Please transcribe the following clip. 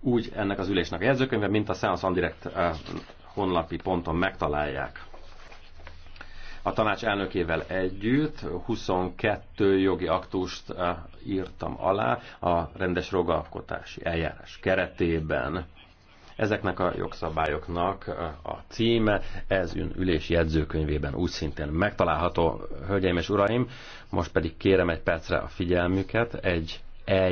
úgy ennek az ülésnek a jegyzőkönyve, mint a Seance on Direct honlapi ponton megtalálják. A tanács elnökével együtt 22 jogi aktust írtam alá a rendes rogalkotási eljárás keretében. Ezeknek a jogszabályoknak a címe ez ün ülés jegyzőkönyvében úgy szintén megtalálható. Hölgyeim és uraim, most pedig kérem egy percre a figyelmüket, egy eljárás.